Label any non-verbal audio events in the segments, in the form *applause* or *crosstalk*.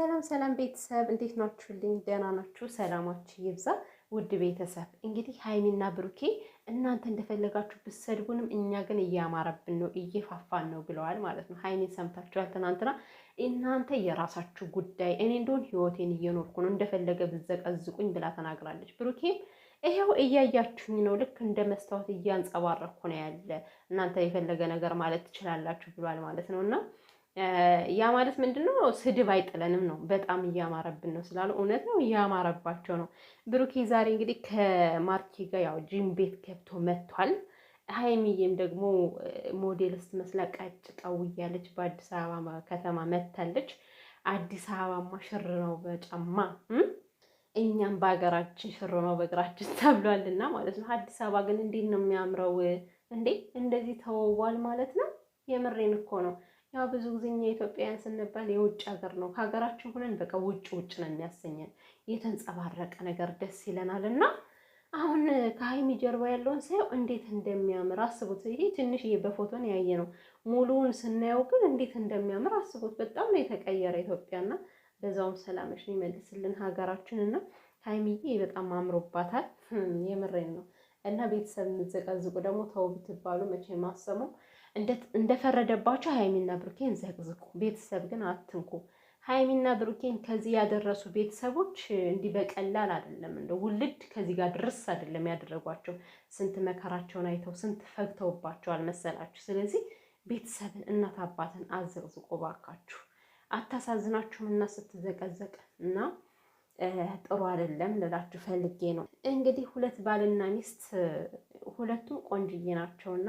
ሰላም ሰላም ቤተሰብ እንዴት ናችሁልኝ? ደህና ናችሁ? ሰላማችሁ ይብዛ። ውድ ቤተሰብ እንግዲህ ሀይሚና ብሩኬ እናንተ እንደፈለጋችሁ ብትሰድቡንም እኛ ግን እያማረብን ነው እየፋፋን ነው ብለዋል ማለት ነው። ሀይሚን ሰምታችኋል ትናንትና። እናንተ የራሳችሁ ጉዳይ፣ እኔ እንደሆን ህይወቴን እየኖርኩ ነው እንደፈለገ ብዘቀዝቁኝ ብላ ተናግራለች። ብሩኬም ይሄው እያያችሁኝ ነው፣ ልክ እንደ መስታወት እያንጸባረኩ ነው ያለ እናንተ የፈለገ ነገር ማለት ትችላላችሁ ብሏል ማለት ነው እና ያ ማለት ምንድን ነው? ስድብ አይጥለንም ነው። በጣም እያማረብን ነው ስላሉ እውነት ነው፣ እያማረባቸው ነው። ብሩኬ ዛሬ እንግዲህ ከማርኬ ጋር ያው ጂም ቤት ገብቶ መጥቷል። ሀይሚዬም ደግሞ ሞዴል ስትመስላ ቀጭ ጠው እያለች በአዲስ አበባ ከተማ መታለች። አዲስ አበባማ ሽር ነው በጫማ እኛም በሀገራችን ሽር ነው በእግራችን *laughs* ተብሏልና ማለት ነው። አዲስ አበባ ግን እንዴት ነው የሚያምረው! እንዴ እንደዚህ ተወዋል ማለት ነው። የምሬን እኮ ነው። ያው ብዙ ጊዜ እኛ ኢትዮጵያውያን ስንባል የውጭ ሀገር ነው ከሀገራችን ሆነን በቃ ውጭ ውጭ ነው የሚያሰኘን የተንጸባረቀ ነገር ደስ ይለናል። እና አሁን ከሀይሚ ጀርባ ያለውን ሳየው እንዴት እንደሚያምር አስቡት። ይሄ ትንሽ በፎቶን ያየ ነው። ሙሉውን ስናየው ግን እንዴት እንደሚያምር አስቡት። በጣም ነው የተቀየረ ኢትዮጵያና በዛውም ሰላምሽን ይመልስልን ሀገራችንና ሀይሚዬ በጣም አምሮባታል። የምሬን ነው። እና ቤተሰብ የምትዘቀዝቁ ደግሞ ተው ብትባሉ መቼ ማሰሙ እንደፈረደባቸው ሀይሚና ብሩኬን ዘቅዝቁ። ቤተሰብ ግን አትንኩ። ሀይሚና ብሩኬን ከዚህ ያደረሱ ቤተሰቦች እንዲህ በቀላል አይደለም፣ እንደ ውልድ ከዚህ ጋር ድረስ አይደለም ያደረጓቸው። ስንት መከራቸውን አይተው ስንት ፈግተውባቸዋል መሰላችሁ። ስለዚህ ቤተሰብን እናት አባትን አዘቅዝቆ ባካችሁ። አታሳዝናችሁም? እና ስትዘቀዘቅ እና ጥሩ አይደለም ልላችሁ ፈልጌ ነው። እንግዲህ ሁለት ባልና ሚስት ሁለቱም ቆንጅዬ ናቸውና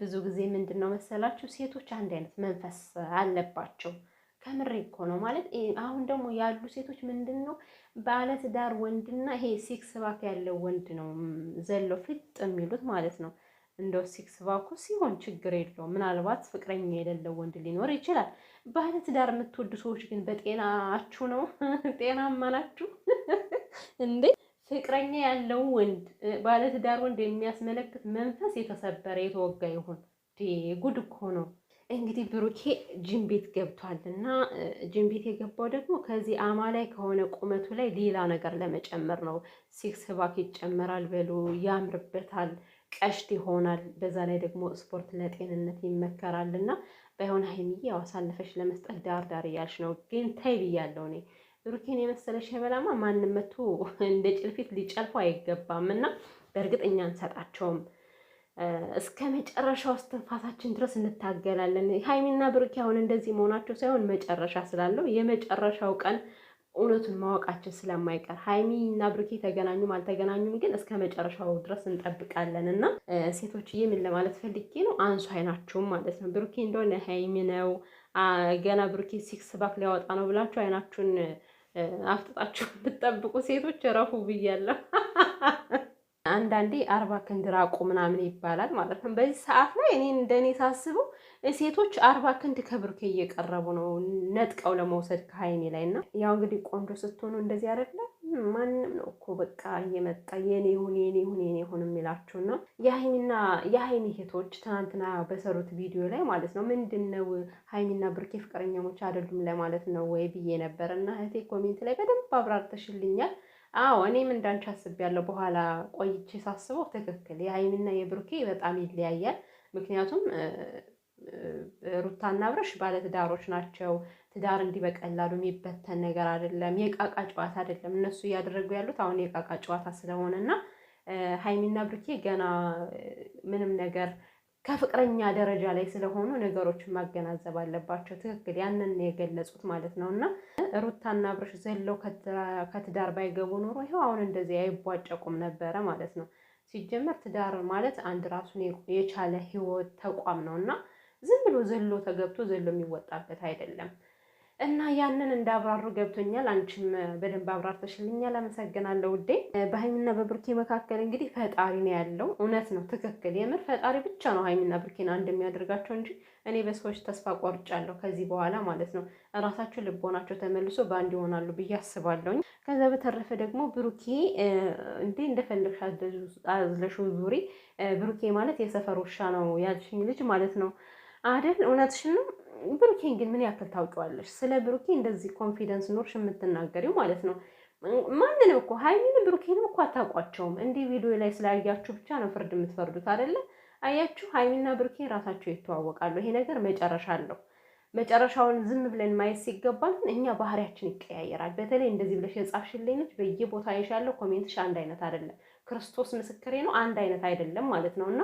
ብዙ ጊዜ ምንድን ነው መሰላችሁ ሴቶች አንድ አይነት መንፈስ አለባቸው። ከምሬ እኮ ነው። ማለት አሁን ደግሞ ያሉ ሴቶች ምንድን ነው ባለትዳር ወንድና ይሄ ሲክስ ባክ ያለው ወንድ ነው ዘለው ፍጥ የሚሉት ማለት ነው። እንደው ሲክስ ባኩ ሲሆን ችግር የለውም። ምናልባት ፍቅረኛ የሌለው ወንድ ሊኖር ይችላል። ባለትዳር የምትወዱ ሰዎች ግን በጤናችሁ ነው? ጤናማ ናችሁ እንዴ? ፍቅረኛ ያለው ወንድ ባለትዳር ወንድ የሚያስመለክት መንፈስ የተሰበረ የተወጋ ይሁን። ጉድ እኮ ነው። እንግዲህ ብሩኬ ጅም ቤት ገብቷል እና ጅም ቤት የገባው ደግሞ ከዚህ አማ ላይ ከሆነ ቁመቱ ላይ ሌላ ነገር ለመጨመር ነው። ሲክስ ባክ ይጨመራል፣ በሉ ያምርበታል፣ ቀሽት ይሆናል። በዛ ላይ ደግሞ ስፖርት ለጤንነት ይመከራል እና ባይሆን ሀይሚዬ አሳልፈሽ ለመስጠት ዳርዳር እያልሽ ነው፣ ግን ተይ ብያለሁ እኔ ብሩኬን የመሰለ ሸበላማ ማንም መቶ እንደ ጭልፊት ሊጨልፎ አይገባም። እና በእርግጠኛ አንሰጣቸውም እስከ መጨረሻው እስትንፋሳችን ድረስ እንታገላለን። ሀይሚና ብሩኬ አሁን እንደዚህ መሆናቸው ሳይሆን መጨረሻ ስላለው የመጨረሻው ቀን እውነቱን ማወቃችን ስለማይቀር ሀይሚና ብሩኬ ተገናኙም አልተገናኙም ግን እስከ መጨረሻው ድረስ እንጠብቃለን እና ሴቶችዬ ምን ለማለት ፈልጌ ነው፣ አንሱ አይናችሁም ማለት ነው። ብሩኬ እንደሆነ ሀይሚ ነው ገና ብሩኬ ሲክስ ባክ ሊያወጣ ነው ብላችሁ አይናችሁን አፍጥጣችሁ ብትጠብቁ ሴቶች እረፉ ብያለሁ። አንዳንዴ አርባ ክንድ ራቁ ምናምን ይባላል ማለት ነው። በዚህ ሰዓት ላይ እኔ እንደኔ ሳስበው ሴቶች አርባ ክንድ ከብሩኬ እየቀረቡ ነው ነጥቀው ለመውሰድ ከሀይሜ ላይ እና ያው እንግዲህ ቆንጆ ስትሆኑ እንደዚህ አይደለ ማንም ነው እኮ በቃ እየመጣ የኔ ሁን የኔ ሁን የኔ ሁን የሚላችሁ ነው። የሀይሚና የሀይሚ ሄቶች ትናንትና በሰሩት ቪዲዮ ላይ ማለት ነው ምንድን ነው ሀይሚና ብርኬ ፍቅረኛሞች አይደሉም ለማለት ነው ወይ ብዬ ነበር እና እህቴ ኮሜንት ላይ በደንብ አብራርተሽልኛል። አዎ እኔም እንዳንቺ አስቤያለሁ። በኋላ ቆይቼ ሳስበው ትክክል የሀይሚና የብርኬ በጣም ይለያያል። ምክንያቱም ሩታና አብርሽ ባለትዳሮች ናቸው። ትዳር እንዲህ በቀላሉ የሚበተን ነገር አይደለም። የቃቃ ጨዋታ አይደለም። እነሱ እያደረጉ ያሉት አሁን የቃቃ ጨዋታ ስለሆነ እና ሀይሚና ብሩኬ ገና ምንም ነገር ከፍቅረኛ ደረጃ ላይ ስለሆኑ ነገሮችን ማገናዘብ አለባቸው። ትክክል ያንን የገለጹት ማለት ነው። እና ሩታና አብርሽ ዘለው ከትዳር ባይገቡ ኖሮ ይኸው አሁን እንደዚህ አይቧጨቁም ነበረ ማለት ነው። ሲጀመር ትዳር ማለት አንድ ራሱን የቻለ ህይወት ተቋም ነው እና ዝም ብሎ ዘሎ ተገብቶ ዘሎ የሚወጣበት አይደለም። እና ያንን እንዳብራሩ ገብቶኛል። አንቺም በደንብ አብራርተሽልኛል። አመሰግናለሁ ውዴ። በሀይሚና በብሩኬ መካከል እንግዲህ ፈጣሪ ነው ያለው። እውነት ነው፣ ትክክል። የምር ፈጣሪ ብቻ ነው ሀይሚና ብሩኬን አንድ የሚያደርጋቸው እንጂ እኔ በሰዎች ተስፋ ቆርጫለሁ ከዚህ በኋላ ማለት ነው። እራሳቸው ልቦናቸው ተመልሶ በአንድ ይሆናሉ ብዬ አስባለሁኝ። ከዛ በተረፈ ደግሞ ብሩኬ እንዴ እንደፈለግሽ አዝለሽው ዙሪ። ብሩኬ ማለት የሰፈር ውሻ ነው ያልሽኝ ልጅ ማለት ነው አደል እውነትሽን ነው። ብሩኬን ግን ምን ያክል ታውቂዋለሽ? ስለ ብሩኬ እንደዚህ ኮንፊደንስ ኖርሽ የምትናገሪው ማለት ነው። ማንንም እኮ ሀይሚን ብሩኬንም እኮ አታውቋቸውም። እንዲህ ቪዲዮ ላይ ስላያችሁ ብቻ ነው ፍርድ የምትፈርዱት አደለ? አያችሁ፣ ሀይሚና ብሩኪን ራሳቸው ይተዋወቃሉ። ይሄ ነገር መጨረሻ አለው። መጨረሻውን ዝም ብለን ማየት ሲገባል፣ እኛ ባህሪያችን ይቀያየራል። በተለይ እንደዚህ ብለሽ የጻፍሽልኝ ልጅ በየቦታ ይሻለው ኮሜንትሽ አንድ አይነት አይደለም። ክርስቶስ ምስክሬ ነው፣ አንድ አይነት አይደለም ማለት ነው እና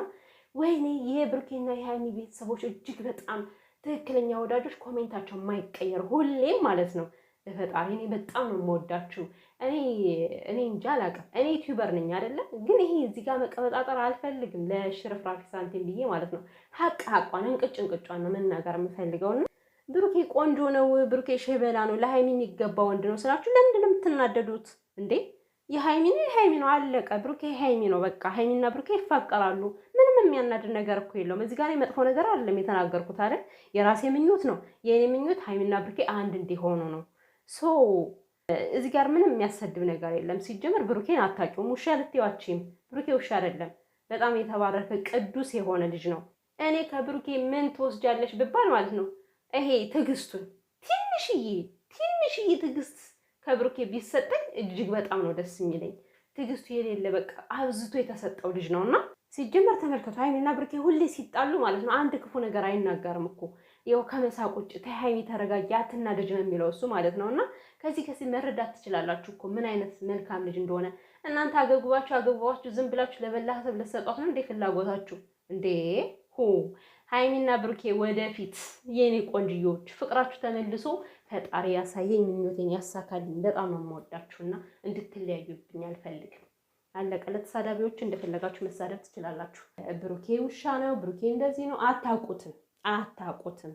ወይኔ የብሩኬና የሀይሚ ቤተሰቦች እጅግ በጣም ትክክለኛ ወዳጆች፣ ኮሜንታቸው የማይቀየር ሁሌም ማለት ነው። በፈጣሪ እኔ በጣም ነው የምወዳችሁ። እኔ እኔ አላውቅም። እኔ ዩቲዩበር ነኝ አይደለም፣ ግን ይሄ እዚህ ጋር መቀበጣጠር አልፈልግም ለሽርፍራፊ ሳንቲም ብዬ ማለት ነው። ሀቅ ሀቋን እንቅጭ እንቅጫን ነው መናገር የምፈልገው ብሩኬ ቆንጆ ነው፣ ብሩኬ ሸበላ ነው፣ ለሀይሚ የሚገባ ወንድ ነው ስላችሁ ለምንድን ነው የምትናደዱት እንዴ? የሀይሚ ነው የሀይሚ ነው አለቀ። ብሩኬ ሀይሚ ነው በቃ። ሀይሚና ብሩኬ ይፋቀራሉ። ምንም የሚያናድድ ነገር እኮ የለውም። እዚህ ጋር መጥፎ ነገር አይደለም የተናገርኩት አይደል? የራሴ ምኞት ነው። የእኔ ምኞት ሀይሚና ብሩኬ አንድ እንዲሆኑ ነው። ሶ እዚህ ጋር ምንም የሚያሰድብ ነገር የለም። ሲጀመር ብሩኬን አታውቂውም፣ ውሻ ልትዋችም። ብሩኬ ውሻ አይደለም። በጣም የተባረከ ቅዱስ የሆነ ልጅ ነው። እኔ ከብሩኬ ምን ትወስጃለሽ ብባል ማለት ነው ይሄ ትዕግስቱን ትንሽዬ ትንሽዬ ትዕግስት ከብሩኬ ቢሰጠኝ እጅግ በጣም ነው ደስ የሚለኝ። ትዕግስቱ የሌለ በቃ አብዝቶ የተሰጠው ልጅ ነው እና ሲጀመር ተመልከቱ፣ ሀይሚና ብሩኬ ሁሌ ሲጣሉ ማለት ነው አንድ ክፉ ነገር አይናገርም እኮ ያው ከመሳቅ ውጭ ተሀይሚ ተረጋጊ፣ አትናደጅ ነው የሚለው እሱ ማለት ነው። እና ከዚህ ከዚህ መረዳት ትችላላችሁ እኮ ምን አይነት መልካም ልጅ እንደሆነ። እናንተ አገግባችሁ አገግባችሁ ዝም ብላችሁ ለበላ ሰብ ለሰጧት ነው እንዴ ፍላጎታችሁ እንዴ? ሁ ሀይሚና ብርኬ ወደፊት የኔ ቆንጅዮች ፍቅራችሁ ተመልሶ ፈጣሪ ያሳየኝ፣ ምኞቴን ያሳካልኝ። በጣም ነው የምወዳችሁና እንድትለያዩብኝ አልፈልግም። አለቀለት። ለተሳዳቢዎች እንደፈለጋችሁ መሳደብ ትችላላችሁ። ብሩኬ ውሻ ነው፣ ብሩኬ እንደዚህ ነው። አታውቁትም አታውቁትም።